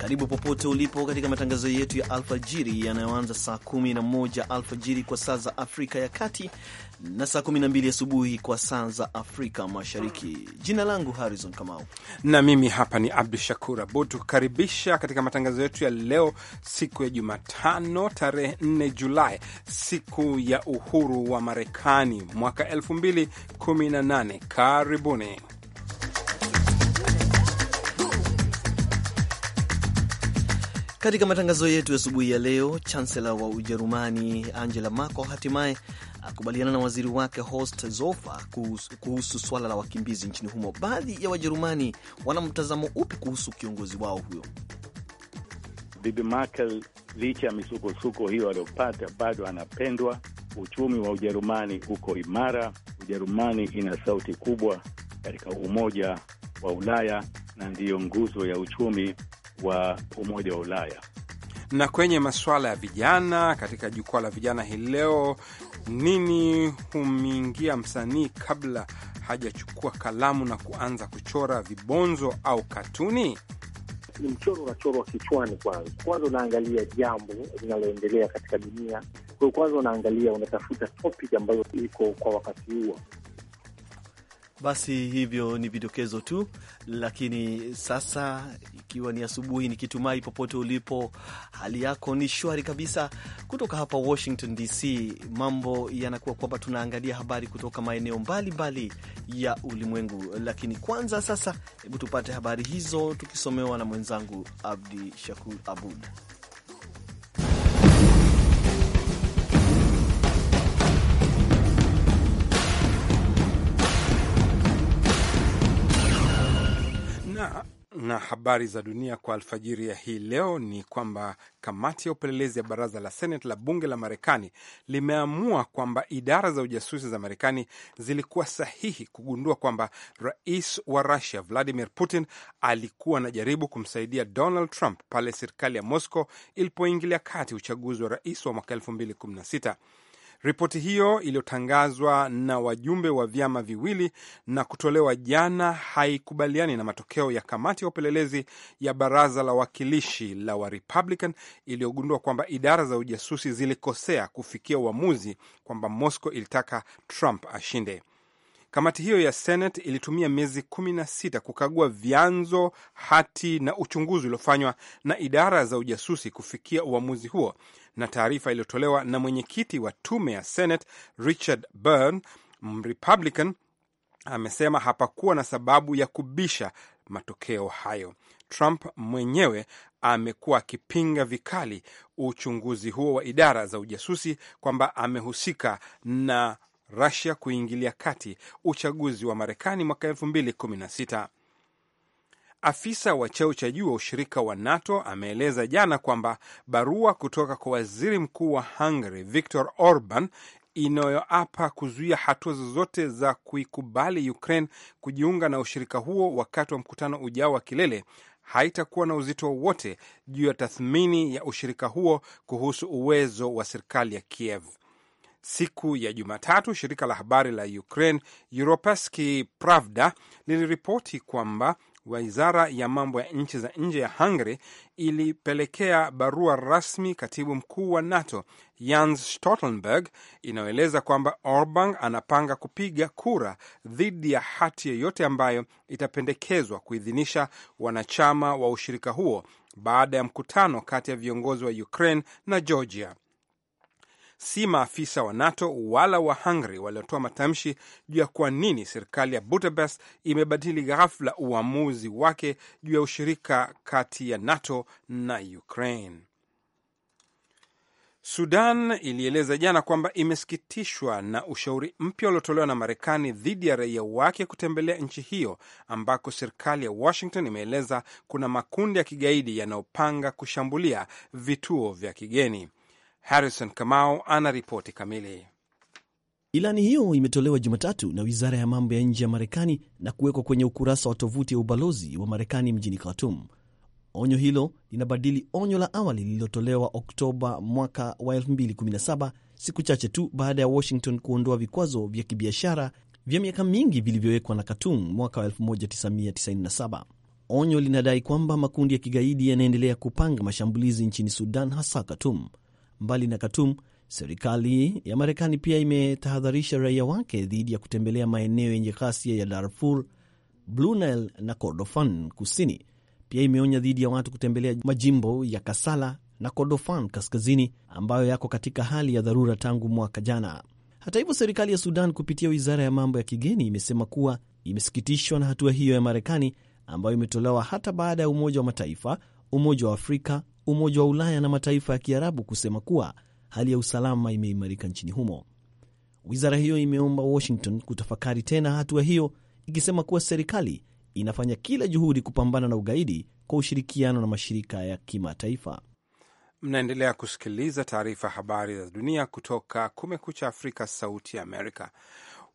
Karibu popote ulipo katika matangazo yetu ya alfajiri yanayoanza saa 11 alfajiri kwa saa za Afrika ya Kati na saa 12 asubuhi kwa saa za Afrika Mashariki. Jina langu Harrison Kamau na mimi hapa ni Abdu Shakur Abud, tukukaribisha katika matangazo yetu ya leo, siku ya Jumatano tarehe 4 Julai, siku ya uhuru wa Marekani mwaka 2018. Karibuni. Katika matangazo yetu ya asubuhi ya leo, chansela wa Ujerumani Angela Merkel hatimaye akubaliana na waziri wake Horst Zofa kuhusu, kuhusu swala la wakimbizi nchini humo. Baadhi ya Wajerumani wana mtazamo upi kuhusu kiongozi wao huyo? Bibi Merkel licha ya misukosuko hiyo aliyopata, bado anapendwa. Uchumi wa Ujerumani uko imara. Ujerumani ina sauti kubwa katika Umoja wa Ulaya na ndiyo nguzo ya uchumi wa Umoja wa Ulaya. Na kwenye masuala ya vijana, katika jukwaa la vijana hii leo, nini humingia msanii kabla hajachukua kalamu na kuanza kuchora vibonzo au katuni? Ni mchoro unachorwa kichwani kwanza. Kwanza unaangalia jambo linaloendelea katika dunia, kwa hiyo kwanza unaangalia, unatafuta topic ambayo iko kwa wakati huo basi hivyo ni vidokezo tu, lakini sasa ikiwa ni asubuhi, nikitumai popote ulipo hali yako ni shwari kabisa. Kutoka hapa Washington DC, mambo yanakuwa kwamba tunaangalia habari kutoka maeneo mbalimbali ya ulimwengu, lakini kwanza sasa, hebu tupate habari hizo tukisomewa na mwenzangu Abdi Shakur Abud. na habari za dunia kwa alfajiri ya hii leo ni kwamba kamati ya upelelezi ya baraza la Senate la bunge la Marekani limeamua kwamba idara za ujasusi za Marekani zilikuwa sahihi kugundua kwamba rais wa Rusia Vladimir Putin alikuwa anajaribu kumsaidia Donald Trump pale serikali ya Moscow ilipoingilia kati uchaguzi wa rais wa mwaka 2016. Ripoti hiyo iliyotangazwa na wajumbe wa vyama viwili na kutolewa jana haikubaliani na matokeo ya kamati ya upelelezi ya baraza la wawakilishi la wa Republican iliyogundua kwamba idara za ujasusi zilikosea kufikia uamuzi kwamba Moscow ilitaka Trump ashinde. Kamati hiyo ya Senate ilitumia miezi kumi na sita kukagua vyanzo, hati na uchunguzi uliofanywa na idara za ujasusi kufikia uamuzi huo, na taarifa iliyotolewa na mwenyekiti wa tume ya Senate Richard Burr Mrepublican amesema hapakuwa na sababu ya kubisha matokeo hayo. Trump mwenyewe amekuwa akipinga vikali uchunguzi huo wa idara za ujasusi kwamba amehusika na Rusia kuingilia kati uchaguzi wa Marekani mwaka 216 Afisa wa cheo cha juu wa ushirika wa NATO ameeleza jana kwamba barua kutoka kwa waziri mkuu wa Hungary Viktor Orban inayoapa kuzuia hatua zozote za kuikubali Ukraine kujiunga na ushirika huo wakati wa mkutano ujao wa kilele haitakuwa na uzito wowote juu ya tathmini ya ushirika huo kuhusu uwezo wa serikali ya Kiev. Siku ya Jumatatu, shirika la habari la Ukraine Europeski Pravda liliripoti kwamba wizara ya mambo ya nchi za nje ya Hungary ilipelekea barua rasmi katibu mkuu wa NATO Jens Stoltenberg inayoeleza kwamba Orban anapanga kupiga kura dhidi ya hati yoyote ambayo itapendekezwa kuidhinisha wanachama wa ushirika huo baada ya mkutano kati ya viongozi wa Ukraine na Georgia si maafisa wa NATO wala wa Hungary waliotoa matamshi juu ya kwa nini serikali ya Budapest imebadili ghafla uamuzi wake juu ya ushirika kati ya NATO na Ukraine. Sudan ilieleza jana kwamba imesikitishwa na ushauri mpya uliotolewa na Marekani dhidi ya raia wake kutembelea nchi hiyo ambako serikali ya Washington imeeleza kuna makundi ya kigaidi yanayopanga kushambulia vituo vya kigeni. Harrison Kamau ana ripoti kamili. Ilani hiyo imetolewa Jumatatu na wizara ya mambo ya nje ya Marekani na kuwekwa kwenye ukurasa wa tovuti ya ubalozi wa Marekani mjini khartum Onyo hilo linabadili onyo la awali lililotolewa Oktoba mwaka wa 2017 siku chache tu baada ya Washington kuondoa vikwazo vya kibiashara vya miaka mingi vilivyowekwa na khatum mwaka wa 1997. Onyo linadai kwamba makundi ya kigaidi yanaendelea kupanga mashambulizi nchini Sudan, hasa khatum Mbali na Khartoum, serikali ya Marekani pia imetahadharisha raia wake dhidi ya kutembelea maeneo yenye ghasia ya Darfur, Blue Nile na Kordofan Kusini. Pia imeonya dhidi ya watu kutembelea majimbo ya Kasala na Kordofan Kaskazini ambayo yako katika hali ya dharura tangu mwaka jana. Hata hivyo, serikali ya Sudan kupitia wizara ya mambo ya kigeni imesema kuwa imesikitishwa na hatua hiyo ya Marekani ambayo imetolewa hata baada ya Umoja wa Mataifa, Umoja wa Afrika, Umoja wa Ulaya na mataifa ya Kiarabu kusema kuwa hali ya usalama imeimarika nchini humo. Wizara hiyo imeomba Washington kutafakari tena hatua hiyo, ikisema kuwa serikali inafanya kila juhudi kupambana na ugaidi kwa ushirikiano na mashirika ya kimataifa. Mnaendelea kusikiliza taarifa habari za dunia kutoka Kumekucha Afrika, Sauti ya Amerika.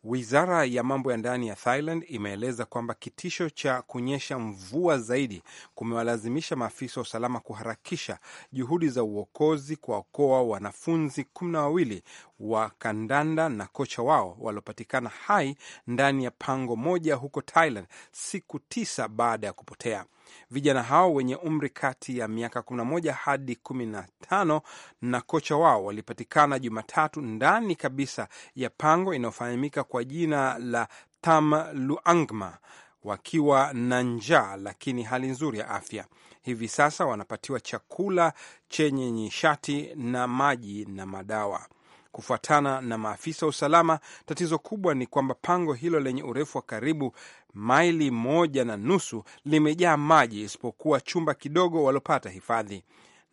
Wizara ya mambo ya ndani ya Thailand imeeleza kwamba kitisho cha kunyesha mvua zaidi kumewalazimisha maafisa wa usalama kuharakisha juhudi za uokozi kuwaokoa wanafunzi kumi na wawili wa kandanda na kocha wao waliopatikana hai ndani ya pango moja huko Thailand siku tisa baada ya kupotea. Vijana hao wenye umri kati ya miaka 11 hadi 15 na kocha wao walipatikana Jumatatu ndani kabisa ya pango inayofahamika kwa jina la Tam Luangma wakiwa na njaa lakini hali nzuri ya afya. Hivi sasa wanapatiwa chakula chenye nishati na maji na madawa. Kufuatana na maafisa wa usalama, tatizo kubwa ni kwamba pango hilo lenye urefu wa karibu maili moja na nusu limejaa maji isipokuwa chumba kidogo walopata hifadhi.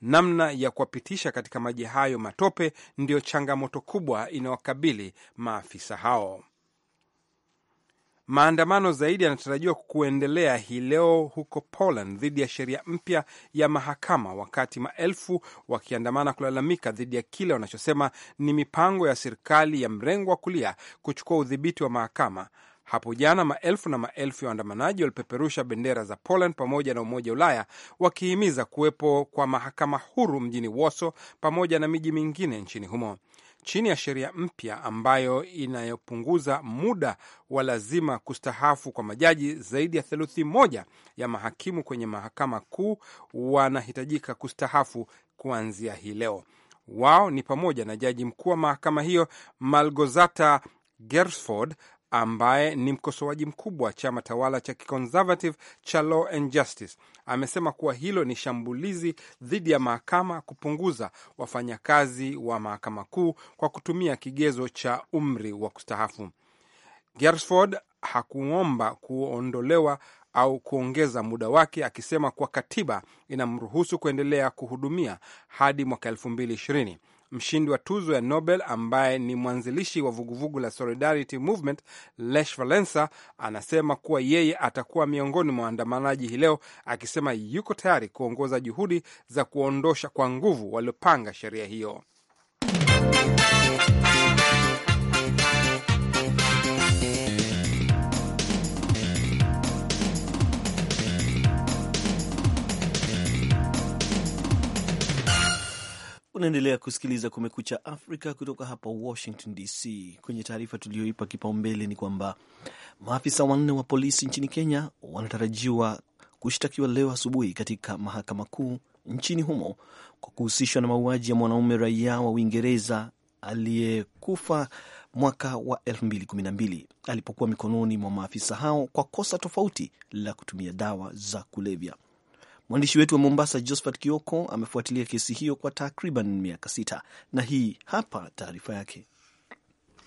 Namna ya kuwapitisha katika maji hayo matope ndiyo changamoto kubwa inawakabili maafisa hao. Maandamano zaidi yanatarajiwa kuendelea hii leo huko Poland dhidi ya sheria mpya ya mahakama, wakati maelfu wakiandamana kulalamika dhidi ya kile wanachosema ni mipango ya serikali ya mrengo wa kulia kuchukua udhibiti wa mahakama. Hapo jana maelfu na maelfu ya waandamanaji walipeperusha bendera za Poland pamoja na Umoja wa Ulaya wakihimiza kuwepo kwa mahakama huru mjini Warsaw pamoja na miji mingine nchini humo chini ya sheria mpya ambayo inayopunguza muda wa lazima kustahafu kwa majaji. Zaidi ya theluthi moja ya mahakimu kwenye mahakama kuu wanahitajika kustahafu kuanzia hii leo. Wao ni pamoja na jaji mkuu wa mahakama hiyo Malgozata Gersford ambaye ni mkosoaji mkubwa wa chama tawala cha kiconservative cha Law and Justice amesema kuwa hilo ni shambulizi dhidi ya mahakama kupunguza wafanyakazi wa mahakama kuu kwa kutumia kigezo cha umri wa kustaafu. Gersford hakuomba kuondolewa au kuongeza muda wake akisema kuwa katiba inamruhusu kuendelea kuhudumia hadi mwaka elfu mbili ishirini mshindi wa tuzo ya Nobel ambaye ni mwanzilishi wa vuguvugu la Solidarity Movement, Lech Walesa, anasema kuwa yeye atakuwa miongoni mwa waandamanaji hii leo, akisema yuko tayari kuongoza juhudi za kuondosha kwa nguvu waliopanga sheria hiyo. Unaendelea kusikiliza Kumekucha Afrika kutoka hapa Washington DC. Kwenye taarifa tuliyoipa kipaumbele ni kwamba maafisa wanne wa polisi nchini Kenya wanatarajiwa kushtakiwa leo asubuhi katika mahakama kuu nchini humo kwa kuhusishwa na mauaji ya mwanaume raia wa Uingereza aliyekufa mwaka wa 2012 alipokuwa mikononi mwa maafisa hao kwa kosa tofauti la kutumia dawa za kulevya. Mwandishi wetu wa Mombasa, Josphat Kioko, amefuatilia kesi hiyo kwa takriban miaka sita na hii hapa taarifa yake.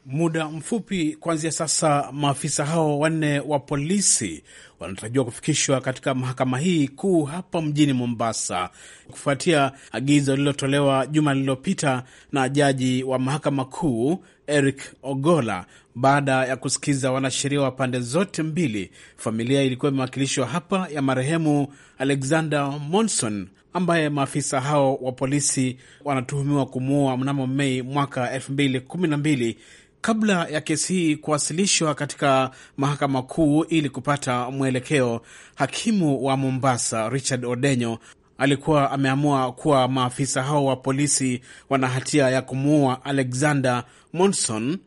Muda mfupi kuanzia sasa, maafisa hao wanne wa polisi wanatarajiwa kufikishwa katika mahakama hii kuu hapa mjini Mombasa kufuatia agizo lililotolewa juma lililopita na jaji wa mahakama kuu Eric Ogola baada ya kusikiza wanasheria wa pande zote mbili. Familia ilikuwa imewakilishwa hapa ya marehemu Alexander Monson ambaye maafisa hao wa polisi wanatuhumiwa kumuua mnamo Mei mwaka 2012 Kabla ya kesi hii kuwasilishwa katika mahakama kuu ili kupata mwelekeo, hakimu wa Mombasa Richard Odenyo alikuwa ameamua kuwa maafisa hao wa polisi wana hatia ya kumuua Alexander Monson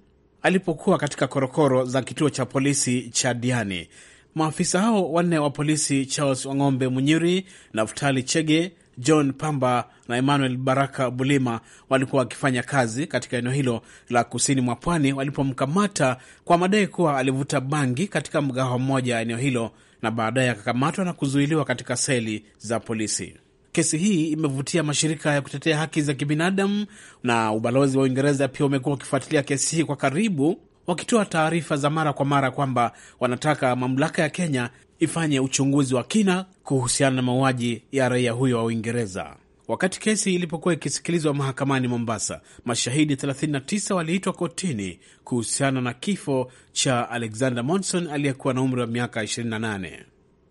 alipokuwa katika korokoro za kituo cha polisi cha Diani. Maafisa hao wanne wa polisi Charles Wang'ombe Munyiri, Naftali Chege, John Pamba na Emmanuel Baraka Bulima walikuwa wakifanya kazi katika eneo hilo la kusini mwa pwani walipomkamata kwa madai kuwa alivuta bangi katika mgahawa mmoja wa eneo hilo, na baadaye akakamatwa na kuzuiliwa katika seli za polisi. Kesi hii imevutia mashirika ya kutetea haki za kibinadamu na ubalozi wa Uingereza pia umekuwa ukifuatilia kesi hii kwa karibu, wakitoa taarifa za mara kwa mara kwamba wanataka mamlaka ya Kenya ifanye uchunguzi wa kina kuhusiana na mauaji ya raia huyo wa Uingereza. Wakati kesi ilipokuwa ikisikilizwa mahakamani Mombasa, mashahidi 39 waliitwa kotini kuhusiana na kifo cha Alexander Monson aliyekuwa na umri wa miaka 28.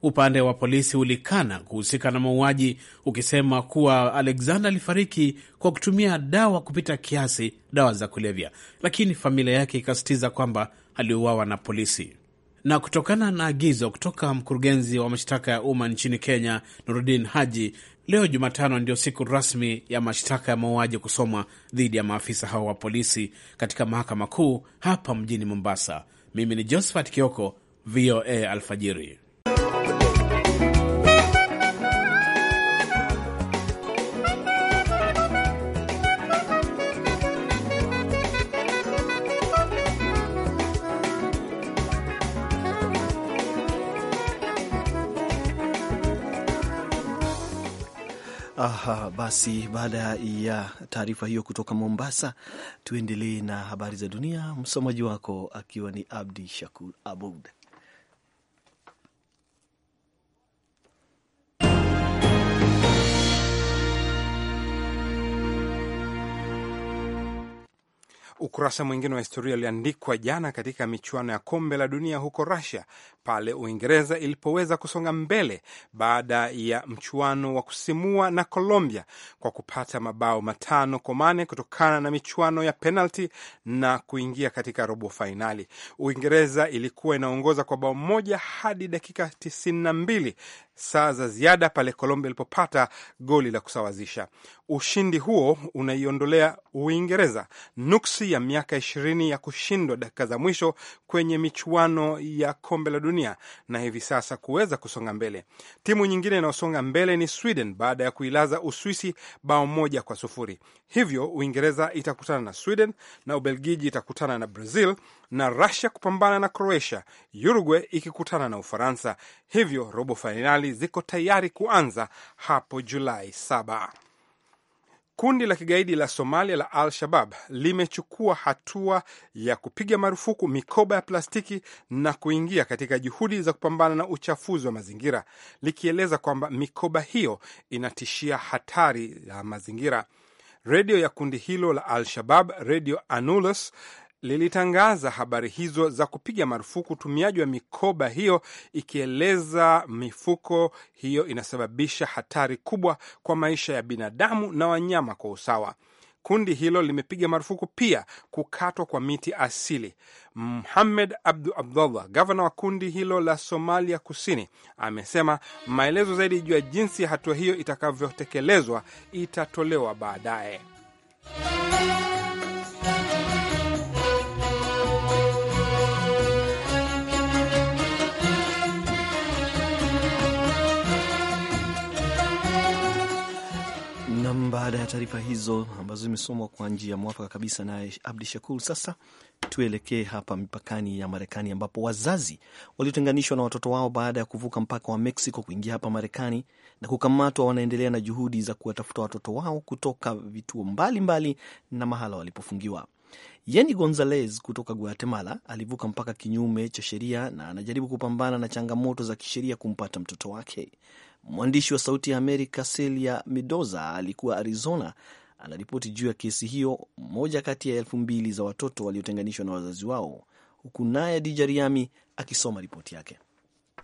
Upande wa polisi ulikana kuhusika na mauaji ukisema kuwa Alexander alifariki kwa kutumia dawa kupita kiasi, dawa za kulevya, lakini familia yake ikasisitiza kwamba aliuawa na polisi. Na kutokana na agizo kutoka mkurugenzi wa mashtaka ya umma nchini Kenya, Nurudin Haji, leo Jumatano ndio siku rasmi ya mashtaka ya mauaji kusomwa dhidi ya maafisa hao wa polisi katika mahakama kuu hapa mjini Mombasa. Mimi ni Josephat Kioko, VOA Alfajiri. Aha, basi baada ya taarifa hiyo kutoka Mombasa, tuendelee na habari za dunia. Msomaji wako akiwa ni Abdi Shakur Abud. Ukurasa mwingine wa historia uliandikwa jana katika michuano ya kombe la dunia huko Russia, pale Uingereza ilipoweza kusonga mbele baada ya mchuano wa kusimua na Colombia kwa kupata mabao matano kwa mane kutokana na michuano ya penalti na kuingia katika robo fainali. Uingereza ilikuwa inaongoza kwa bao moja hadi dakika tisini na mbili saa za ziada pale Colombia ilipopata goli la kusawazisha. Ushindi huo unaiondolea Uingereza nuksi ya miaka ishirini ya kushindwa dakika za mwisho kwenye michuano ya kombe la dunia na hivi sasa kuweza kusonga mbele. Timu nyingine inayosonga mbele ni Sweden baada ya kuilaza Uswisi bao moja kwa sufuri. Hivyo Uingereza itakutana na Sweden na Ubelgiji itakutana na Brazil na rasia kupambana na Croatia, Uruguay ikikutana na Ufaransa. Hivyo robo fainali serikali ziko tayari kuanza hapo Julai saba. Kundi la kigaidi la Somalia la Al-Shabab limechukua hatua ya kupiga marufuku mikoba ya plastiki na kuingia katika juhudi za kupambana na uchafuzi wa mazingira, likieleza kwamba mikoba hiyo inatishia hatari ya mazingira. Redio ya kundi hilo la Al-Shabab, Redio Anulus, lilitangaza habari hizo za kupiga marufuku utumiaji wa mikoba hiyo, ikieleza mifuko hiyo inasababisha hatari kubwa kwa maisha ya binadamu na wanyama kwa usawa. Kundi hilo limepiga marufuku pia kukatwa kwa miti asili. Muhamed Abdu Abdullah, gavana wa kundi hilo la Somalia Kusini, amesema maelezo zaidi juu ya jinsi ya hatua hiyo itakavyotekelezwa itatolewa baadaye. Nam, baada ya taarifa hizo ambazo zimesomwa kwa njia mwafaka kabisa naye Abdi Shakur, sasa tuelekee hapa mipakani ya Marekani ambapo wazazi waliotenganishwa na watoto wao baada ya kuvuka mpaka wa Mexico kuingia hapa Marekani na kukamatwa wanaendelea na juhudi za kuwatafuta watoto wao kutoka vituo mbalimbali mbali na mahala walipofungiwa. Yeni Gonzalez kutoka Guatemala alivuka mpaka kinyume cha sheria na anajaribu kupambana na changamoto za kisheria kumpata mtoto wake. Mwandishi wa Sauti ya Amerika Celia Midoza alikuwa Arizona anaripoti juu ya kesi hiyo, moja kati ya elfu mbili za watoto waliotenganishwa na wazazi wao, huku naye Dija Riami akisoma ripoti yake.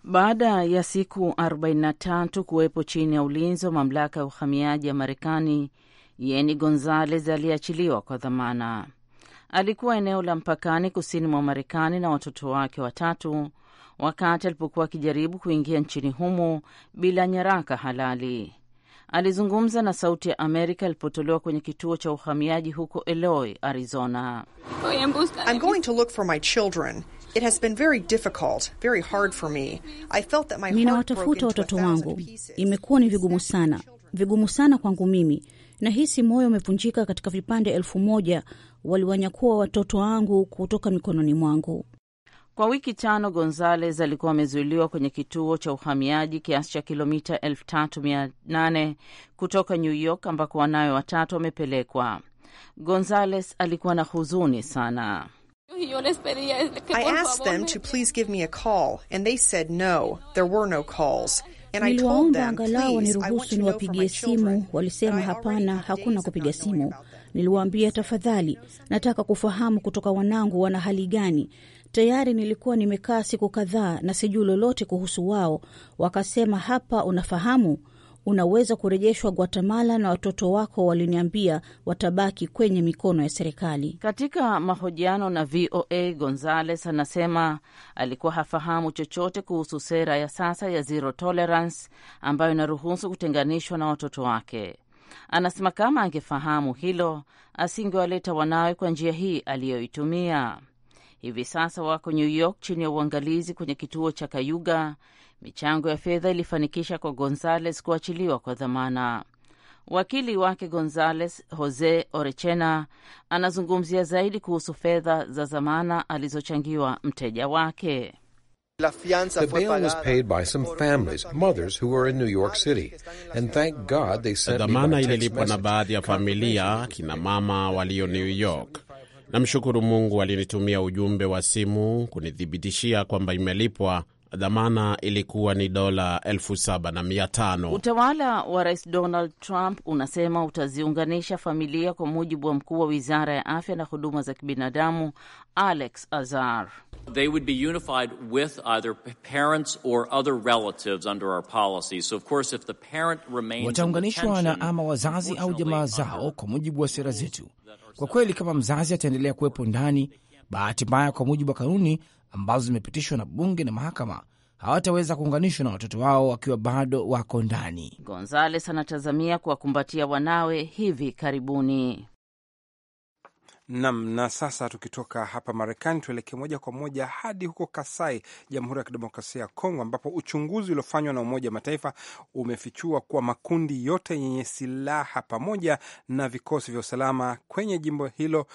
Baada ya siku 43 kuwepo chini ya ulinzi wa mamlaka ya uhamiaji ya Marekani, Yeni Gonzales aliachiliwa kwa dhamana. Alikuwa eneo la mpakani kusini mwa Marekani na watoto wake watatu wakati alipokuwa akijaribu kuingia nchini humo bila nyaraka halali. Alizungumza na Sauti ya Amerika alipotolewa kwenye kituo cha uhamiaji huko Eloy, Arizona. I'm going to look for my children. Ninawatafuta watoto wangu, imekuwa ni vigumu sana, vigumu sana kwangu mimi. Nahisi moyo umevunjika. Katika vipande elfu moja waliwanyakuwa watoto wangu kutoka mikononi mwangu. Kwa wiki tano Gonzales alikuwa amezuiliwa kwenye kituo cha uhamiaji kiasi cha kilomita 3800 kutoka New York ambako wanawe watatu wamepelekwa. Gonzales alikuwa na huzuni sana. Niliwaomba angalau waniruhusu niwapigie simu, walisema hapana, hakuna kupiga simu. Niliwaambia tafadhali, nataka kufahamu kutoka wanangu wana hali gani, Tayari nilikuwa nimekaa siku kadhaa na sijui lolote kuhusu wao. Wakasema hapa, unafahamu, unaweza kurejeshwa Guatemala na watoto wako waliniambia watabaki kwenye mikono ya serikali. Katika mahojiano na VOA, Gonzales anasema alikuwa hafahamu chochote kuhusu sera ya sasa ya zero tolerance ambayo inaruhusu kutenganishwa na watoto wake. Anasema kama angefahamu hilo asingewaleta wanawe kwa njia hii aliyoitumia hivi sasa wako New York chini ya uangalizi kwenye kituo cha Kayuga. Michango ya fedha ilifanikisha kwa Gonzales kuachiliwa kwa dhamana. Wakili wake Gonzales, Jose Orechena, anazungumzia zaidi kuhusu fedha za dhamana alizochangiwa mteja wake. dhamana ililipwa na baadhi ya familia, kina mama walio New York. Namshukuru Mungu alinitumia ujumbe wa simu kunithibitishia kwamba imelipwa. Dhamana ilikuwa ni dola elfu saba na mia tano. Utawala wa Rais Donald Trump unasema utaziunganisha familia, kwa mujibu wa mkuu wa wizara ya afya na huduma za kibinadamu Alex Azar. They would be unified with either parents or other relatives under our policy. So of course if the parent remains, wataunganishwa na ama wazazi au jamaa zao, kwa mujibu wa sera zetu. Kwa kweli, kama mzazi ataendelea kuwepo ndani, bahati mbaya, kwa mujibu wa kanuni ambazo zimepitishwa na bunge na mahakama, hawataweza kuunganishwa na watoto wao wakiwa bado wako ndani. Gonzales anatazamia kuwakumbatia wanawe hivi karibuni. Nam. Na sasa tukitoka hapa Marekani, tuelekee moja kwa moja hadi huko Kasai, Jamhuri ya Kidemokrasia ya Kongo, ambapo uchunguzi uliofanywa na Umoja wa Mataifa umefichua kuwa makundi yote yenye silaha pamoja na vikosi vya usalama kwenye jimbo hilo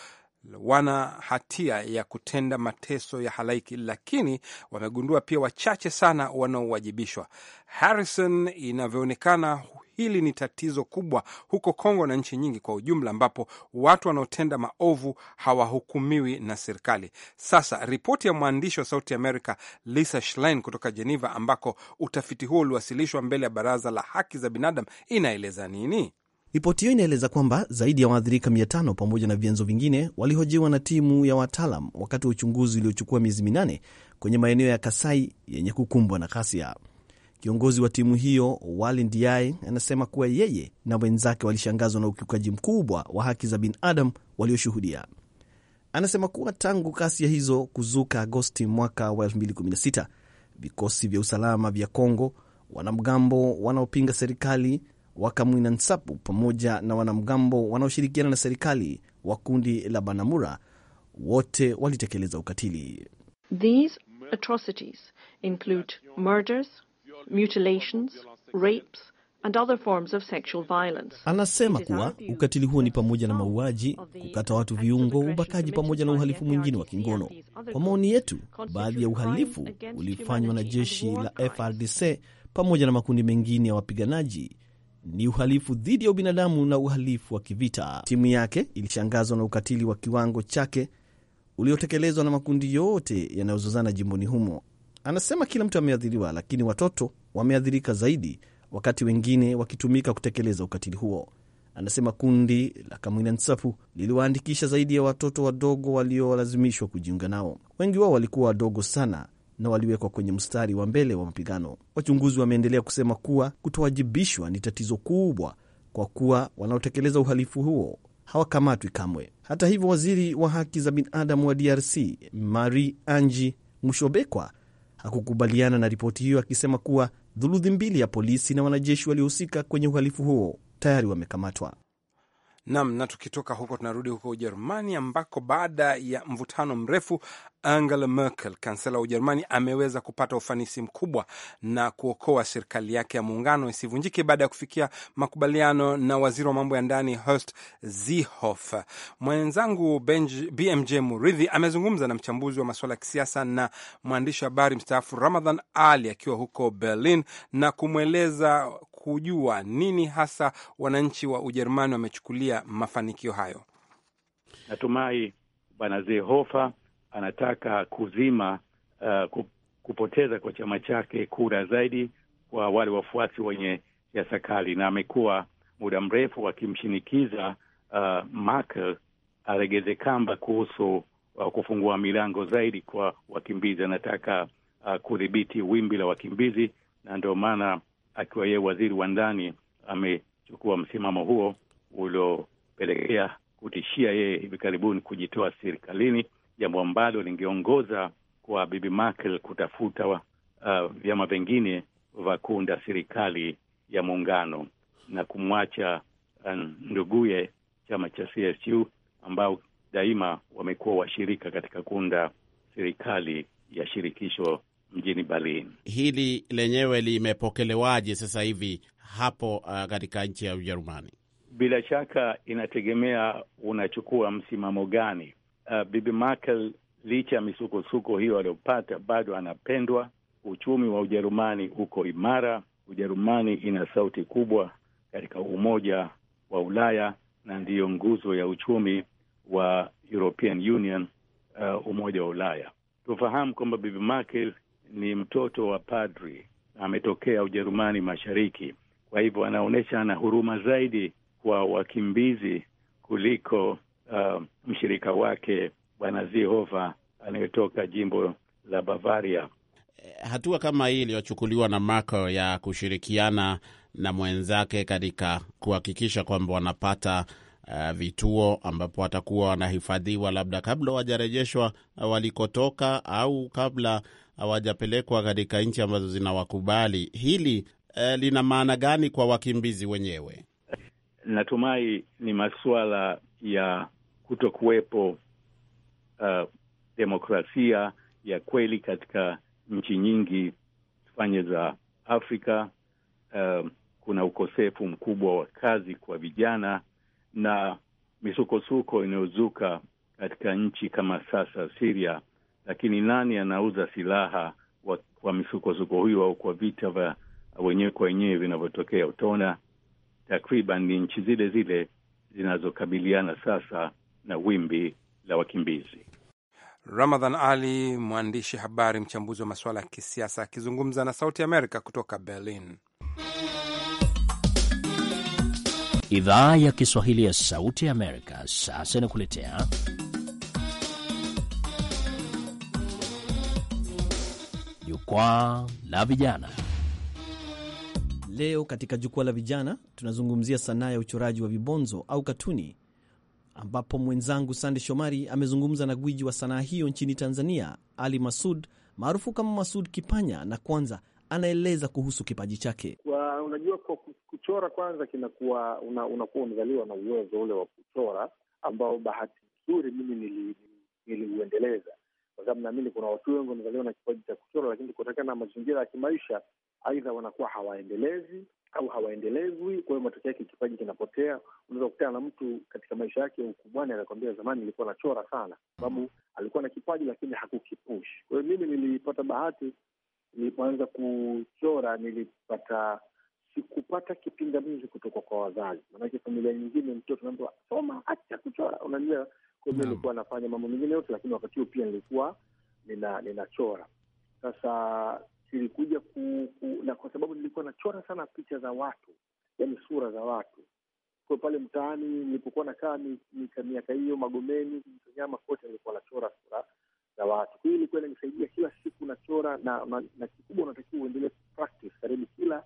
wana hatia ya kutenda mateso ya halaiki, lakini wamegundua pia wachache sana wanaowajibishwa. Harrison, inavyoonekana hili ni tatizo kubwa huko Kongo na nchi nyingi kwa ujumla, ambapo watu wanaotenda maovu hawahukumiwi na serikali. Sasa ripoti ya mwandishi wa Sauti Amerika Lisa Schlein kutoka Jeneva, ambako utafiti huo uliwasilishwa mbele ya Baraza la Haki za Binadamu, inaeleza nini? Ripoti hiyo inaeleza kwamba zaidi ya waathirika 500 pamoja na vyanzo vingine walihojiwa na timu ya wataalam wakati wa uchunguzi uliochukua miezi minane kwenye maeneo ya Kasai yenye kukumbwa na ghasia. Kiongozi wa timu hiyo Wali Ndiaye anasema kuwa yeye na wenzake walishangazwa na ukiukaji mkubwa wa haki za binadamu walioshuhudia. Anasema kuwa tangu ghasia hizo kuzuka Agosti mwaka wa 2016 vikosi vya usalama vya Kongo, wanamgambo wanaopinga serikali Wakamwina Nsapu pamoja na wanamgambo wanaoshirikiana na serikali wa kundi la Banamura wote walitekeleza ukatili. These atrocities include murders, mutilations, rapes and other forms of sexual violence. Anasema kuwa ukatili huo ni pamoja na mauaji, kukata watu viungo, ubakaji pamoja na uhalifu mwingine wa kingono. Kwa maoni yetu, baadhi ya uhalifu ulifanywa na jeshi la FRDC pamoja na makundi mengine ya wapiganaji ni uhalifu dhidi ya ubinadamu na uhalifu wa kivita. Timu yake ilishangazwa na ukatili wa kiwango chake uliotekelezwa na makundi yote yanayozozana jimboni humo. Anasema kila mtu ameathiriwa, lakini watoto wameathirika zaidi, wakati wengine wakitumika kutekeleza ukatili huo. Anasema kundi la Kamwina Nsapu liliwaandikisha zaidi ya watoto wadogo waliolazimishwa kujiunga nao. Wengi wao walikuwa wadogo sana na waliwekwa kwenye mstari wa mbele wa mapigano. Wachunguzi wameendelea kusema kuwa kutowajibishwa ni tatizo kubwa, kwa kuwa wanaotekeleza uhalifu huo hawakamatwi kamwe. Hata hivyo, waziri wa haki za binadamu wa DRC Marie Anji Mushobekwa hakukubaliana na ripoti hiyo, akisema kuwa dhuludhi mbili ya polisi na wanajeshi waliohusika kwenye uhalifu huo tayari wamekamatwa. Nam, na tukitoka huko tunarudi huko Ujerumani ambako baada ya mvutano mrefu Angela Merkel, kansela wa Ujerumani, ameweza kupata ufanisi mkubwa na kuokoa serikali yake ya muungano isivunjike baada ya kufikia makubaliano na waziri wa mambo ya ndani Horst Seehofer. Mwenzangu BMJ Muridhi amezungumza na mchambuzi wa masuala ya kisiasa na mwandishi wa habari mstaafu Ramadhan Ali akiwa huko Berlin na kumweleza kujua nini hasa wananchi wa Ujerumani wamechukulia mafanikio hayo. Natumai bwana Zehofa anataka kuzima uh, kupoteza kwa chama chake kura zaidi kwa wale wafuasi wenye siasa kali, na amekuwa muda mrefu akimshinikiza uh, Merkel alegeze kamba kuhusu uh, kufungua milango zaidi kwa wakimbizi. Anataka uh, kudhibiti wimbi la wakimbizi, na ndio maana akiwa yeye waziri wa ndani amechukua msimamo huo uliopelekea kutishia yeye hivi karibuni kujitoa serikalini, jambo ambalo lingeongoza kwa Bibi Merkel kutafuta wa, uh, vyama vingine vya kuunda serikali ya muungano na kumwacha uh, nduguye chama cha CSU ambao daima wamekuwa washirika katika kuunda serikali ya shirikisho mjini Berlin. Hili lenyewe limepokelewaje sasa hivi hapo uh, katika uh, nchi ya Ujerumani? Bila shaka inategemea unachukua msimamo gani. Uh, Bibi Merkel licha ya misukosuko hiyo aliyopata, bado anapendwa. Uchumi wa Ujerumani uko imara. Ujerumani ina sauti kubwa katika Umoja wa Ulaya na ndiyo nguzo ya uchumi wa European Union, uh, Umoja wa Ulaya. Tufahamu kwamba Bibi Merkel ni mtoto wa padri, ametokea Ujerumani Mashariki. Kwa hivyo anaonyesha ana huruma zaidi kwa wakimbizi kuliko uh, mshirika wake Bwana Zihova anayetoka jimbo la Bavaria. Hatua kama hii iliyochukuliwa na Marco ya kushirikiana na mwenzake katika kuhakikisha kwamba wanapata uh, vituo ambapo watakuwa wanahifadhiwa labda kabla wajarejeshwa uh, walikotoka au kabla hawajapelekwa katika nchi ambazo zinawakubali. Hili eh, lina maana gani kwa wakimbizi wenyewe? Natumai ni masuala ya kuto kuwepo uh, eh, demokrasia ya kweli katika nchi nyingi tufanye za Afrika. Uh, kuna ukosefu mkubwa wa kazi kwa vijana na misukosuko inayozuka katika nchi kama sasa Syria lakini nani anauza silaha wa, kwa misukosuko hiyo au kwa vita vya wenyewe kwa wenyewe vinavyotokea? Utaona takriban ni nchi zile zile zinazokabiliana sasa na wimbi la wakimbizi. Ramadhan Ali, mwandishi habari, mchambuzi wa masuala ya kisiasa, akizungumza na Sauti Amerika kutoka Berlin. Idhaa ya Kiswahili ya Sauti Amerika sasa inakuletea jukwaa la vijana. Leo katika jukwaa la vijana tunazungumzia sanaa ya uchoraji wa vibonzo au katuni, ambapo mwenzangu Sande Shomari amezungumza na gwiji wa sanaa hiyo nchini Tanzania, Ali Masud maarufu kama Masud Kipanya, na kwanza anaeleza kuhusu kipaji chake. Kwa, unajua kwa kuchora kwanza kinakuwa una, unakuwa umezaliwa na uwezo ule wa kuchora ambao bahati nzuri mimi niliuendeleza kwa sababu naamini kuna watu wengi wamezaliwa na kipaji cha kuchora, lakini kutokana na mazingira ya kimaisha, aidha wanakuwa hawaendelezi au hawaendelezwi. Kwa hiyo matokeo yake kipaji kinapotea. Unaweza kukutana na mtu katika maisha yake ukubwani akakwambia, zamani nilikuwa nachora sana, sababu alikuwa na kipaji lakini hakukipush. Kwa hiyo mimi nilipata bahati, nilipoanza kuchora nilipata sikupata kipingamizi kutoka kwa wazazi, maanake familia nyingine mtoto naambiwa soma, acha kuchora, unajua so mi nilikuwa nafanya mambo mengine yote, lakini wakati huo pia nilikuwa nina ninachora. Sasa nilikuja ku, ku, na kwa sababu nilikuwa nachora sana picha za watu, yani sura za watu kwa pale mtaani nilipokuwa nakaa miaka hiyo Magomeni, Mtonyama, kote nilikuwa nachora sura za watu. Kwa hiyo ilikuwa inanisaidia kila siku nachora, na, na, na kikubwa unatakiwa uendelee practice karibu kila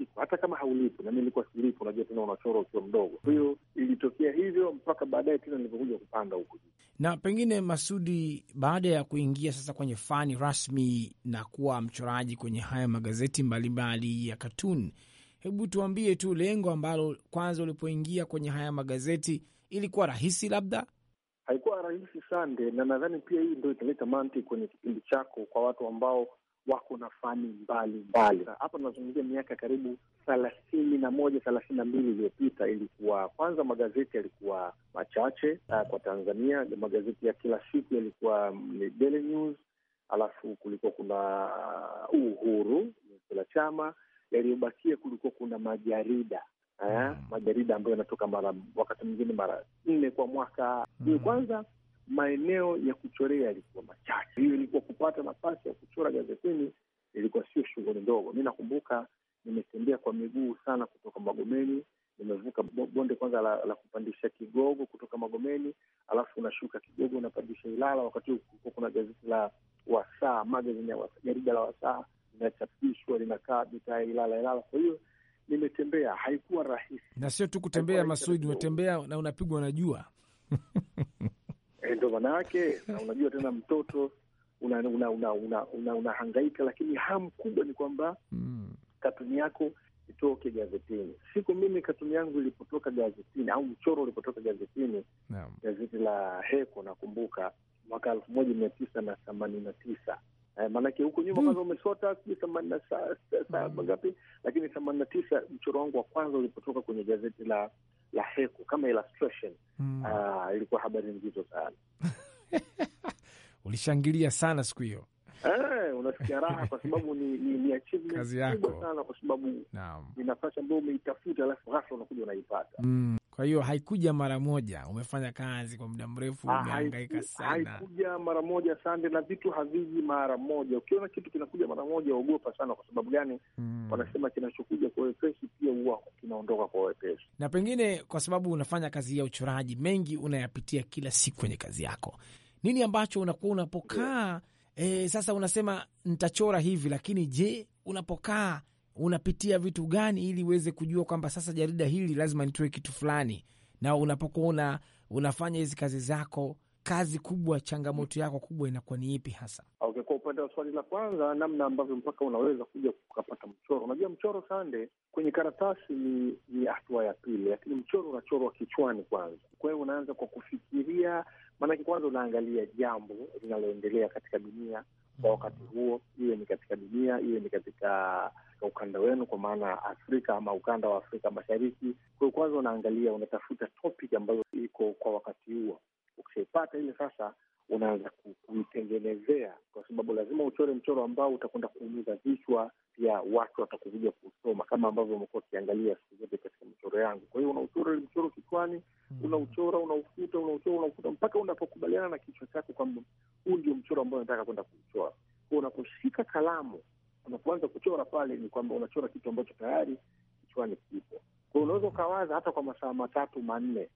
siku, hata kama haulipi. Na mi nilikuwa silipo, unajua tena unachora ukiwa mdogo. Kwa hiyo ilitokea hivyo mpaka baadaye tena nilivyokuja kupanda huko juu. Na pengine Masudi, baada ya kuingia sasa kwenye fani rasmi na kuwa mchoraji kwenye haya magazeti mbalimbali mbali ya katuni, hebu tuambie tu lengo ambalo kwanza ulipoingia kwenye haya magazeti ilikuwa rahisi labda haikuwa rahisi sande, na nadhani pia hii ndio italeta mantiki kwenye kipindi chako kwa watu ambao wako na fani mbalimbali. Hapa tunazungumzia miaka karibu thelathini na moja thelathini na mbili iliyopita, ilikuwa kwanza magazeti yalikuwa machache mm. uh, kwa Tanzania magazeti ya kila siku yalikuwa mm, ni Daily News, alafu kulikuwa kuna uh, Uhuru kila chama, yaliyobakia kulikuwa kuna majarida eh, majarida ambayo yanatoka mara wakati mwingine mara nne kwa mwaka. Ni kwanza maeneo ya kuchorea yalikuwa machache. Hiyo ilikuwa kupata nafasi ya kuchora gazetini ilikuwa sio shughuli ndogo. Mi nakumbuka nimetembea kwa miguu sana kutoka Magomeni, nimevuka bonde kwanza la, la kupandisha Kigogo kutoka Magomeni, alafu unashuka Kigogo unapandisha Ilala. Wakati huo kuna gazeti la Wasaa, magazini ya jarida la Wasaa linachapishwa linakaa bitaa Ilala Ilala. Kwa hiyo nimetembea, haikuwa rahisi. Na sio tu kutembea, Masudi, umetembea na unapigwa na jua E, eh, ndo maana yake. Na unajua tena mtoto unahangaika una, una, una, una, una, lakini hamu kubwa ni kwamba mm. katuni yako itoke gazetini. Siku mimi katuni yangu ilipotoka gazetini au mchoro ulipotoka gazetini no. gazeti la Heko nakumbuka mwaka elfu moja mia tisa na themanini na tisa eh, maanake huko nyuma hmm. kwanza mm. umesota sijui themanini na saba hmm. ngapi, lakini themani na tisa mchoro wangu wa kwanza ulipotoka kwenye gazeti la la Heku kama illustration mm. uh, ilikuwa habari nzito sana ulishangilia sana siku hiyo Eh, unasikia raha kwa sababu ni, ni, ni achievement kubwa sana kwa sababu ni nafasi ambayo umeitafuta, alafu ghafla unakuja unaipata. Mm. Kwa hiyo haikuja mara moja, umefanya kazi kwa muda mrefu, ah, umehangaika sana. Haikuja mara moja sande, na vitu haviji mara moja. Ukiona kitu kinakuja mara moja, ogopa sana. Kwa sababu gani? Mm. Wanasema kinachokuja kwa wepesi pia huwa kinaondoka kwa wepesi. Na pengine kwa sababu unafanya kazi ya uchoraji, mengi unayapitia kila siku kwenye kazi yako, nini ambacho unakuwa unapokaa yeah E, sasa unasema ntachora hivi, lakini je, unapokaa unapitia vitu gani ili uweze kujua kwamba sasa jarida hili lazima nitoe kitu fulani? Na unapokuwa unafanya hizi kazi zako kazi kubwa, changamoto yako kubwa inakuwa ni ipi hasa? Okay, kwa upande wa swali la kwanza, namna ambavyo mpaka unaweza kuja ukapata mchoro. Unajua mchoro sande kwenye karatasi ni ni hatua ya pili, lakini mchoro unachorwa kichwani kwanza. Kwa hiyo unaanza kwa kufikiria Maanake kwanza unaangalia jambo linaloendelea katika dunia kwa wakati huo, iwe ni katika dunia, iwe ni katika ukanda wenu, kwa maana Afrika ama ukanda wa Afrika Mashariki. Kwa hiyo kwanza unaangalia, unatafuta topic ambayo iko kwa wakati huo, ukishaipata ile sasa unaanza kuitengenezea, kwa sababu lazima uchore mchoro ambao utakwenda kuumiza vichwa vya watu watakuvuja kusoma, kama ambavyo umekuwa ukiangalia siku zote katika michoro yangu. Kwa hiyo unauchora ule mchoro kichwani, hmm. unauchora, unaufuta, unauchora, unaufuta mpaka unapokubaliana na kichwa chako kwamba huu ndio mchoro ambao unataka kwenda kuuchora. Kwa unaposhika kalamu, unapoanza kuchora pale, ni kwamba unachora kitu ambacho tayari kichwani kipo. Kwa unaweza ukawaza hata kwa masaa matatu manne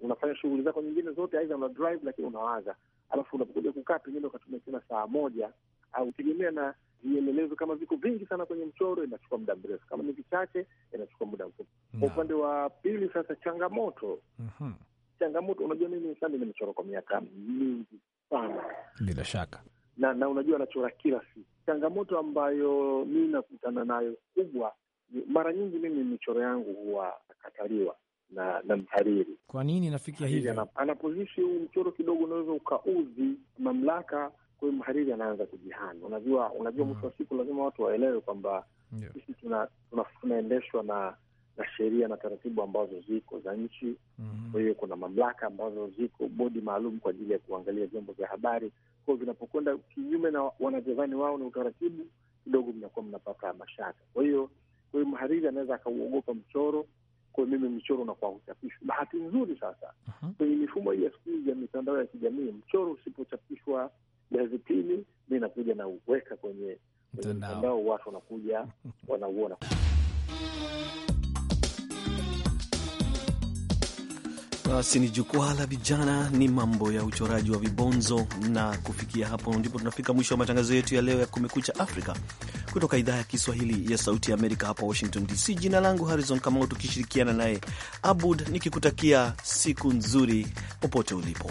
unafanya shughuli zako nyingine zote, aidha una drive, lakini unawaza, alafu unapokuja kukaa pengine ukatumia tena saa moja au tegemea na vielelezo kama viko vingi sana kwenye mchoro, inachukua muda mrefu. Kama ni vichache, inachukua muda mfupi. Kwa upande wa pili sasa, changamoto mm-hmm. Changamoto, unajua mimi sana nimechora kwa miaka mingi sana, bila shaka na, na unajua nachora kila siku. Changamoto ambayo mi nakutana nayo kubwa, mara nyingi mimi michoro yangu huwa nakataliwa na na mhariri. Kwa nini nafikia hivyo? Anapozishi huu mchoro kidogo unaweza ukaudhi mamlaka, kwa hiyo mhariri anaanza kujihani. Unajua, unajua mwisho wa mm. siku lazima watu waelewe kwamba sisi tuna, tuna, tunaendeshwa na na sheria na taratibu ambazo ziko za nchi. Mm-hmm. Kwa hiyo kuna mamlaka ambazo ziko, bodi maalum kwa ajili ya kuangalia vyombo vya habari. Kwa hiyo vinapokwenda kinyume na wanavyodhani wao na utaratibu, kidogo mnakuwa mnapata mashaka. Kwa hiyo kwa hiyo mhariri anaweza akauogopa mchoro kwa mimi mchoro unakuwa huchapishwi. Bahati nzuri sasa kwenye mifumo hii ya siku hizi ya mitandao ya kijamii, mchoro usipochapishwa gazetini, mi nakuja na uweka kwenye mtandao watu wanakuja wanauona Basi ni jukwaa la vijana, ni mambo ya uchoraji wa vibonzo. Na kufikia hapo ndipo tunafika mwisho wa matangazo yetu ya leo ya Kumekucha Afrika kutoka idhaa ya Kiswahili ya Sauti ya Amerika hapa Washington DC. Jina langu Harrison Kamau, tukishirikiana naye Abud, nikikutakia siku nzuri popote ulipo.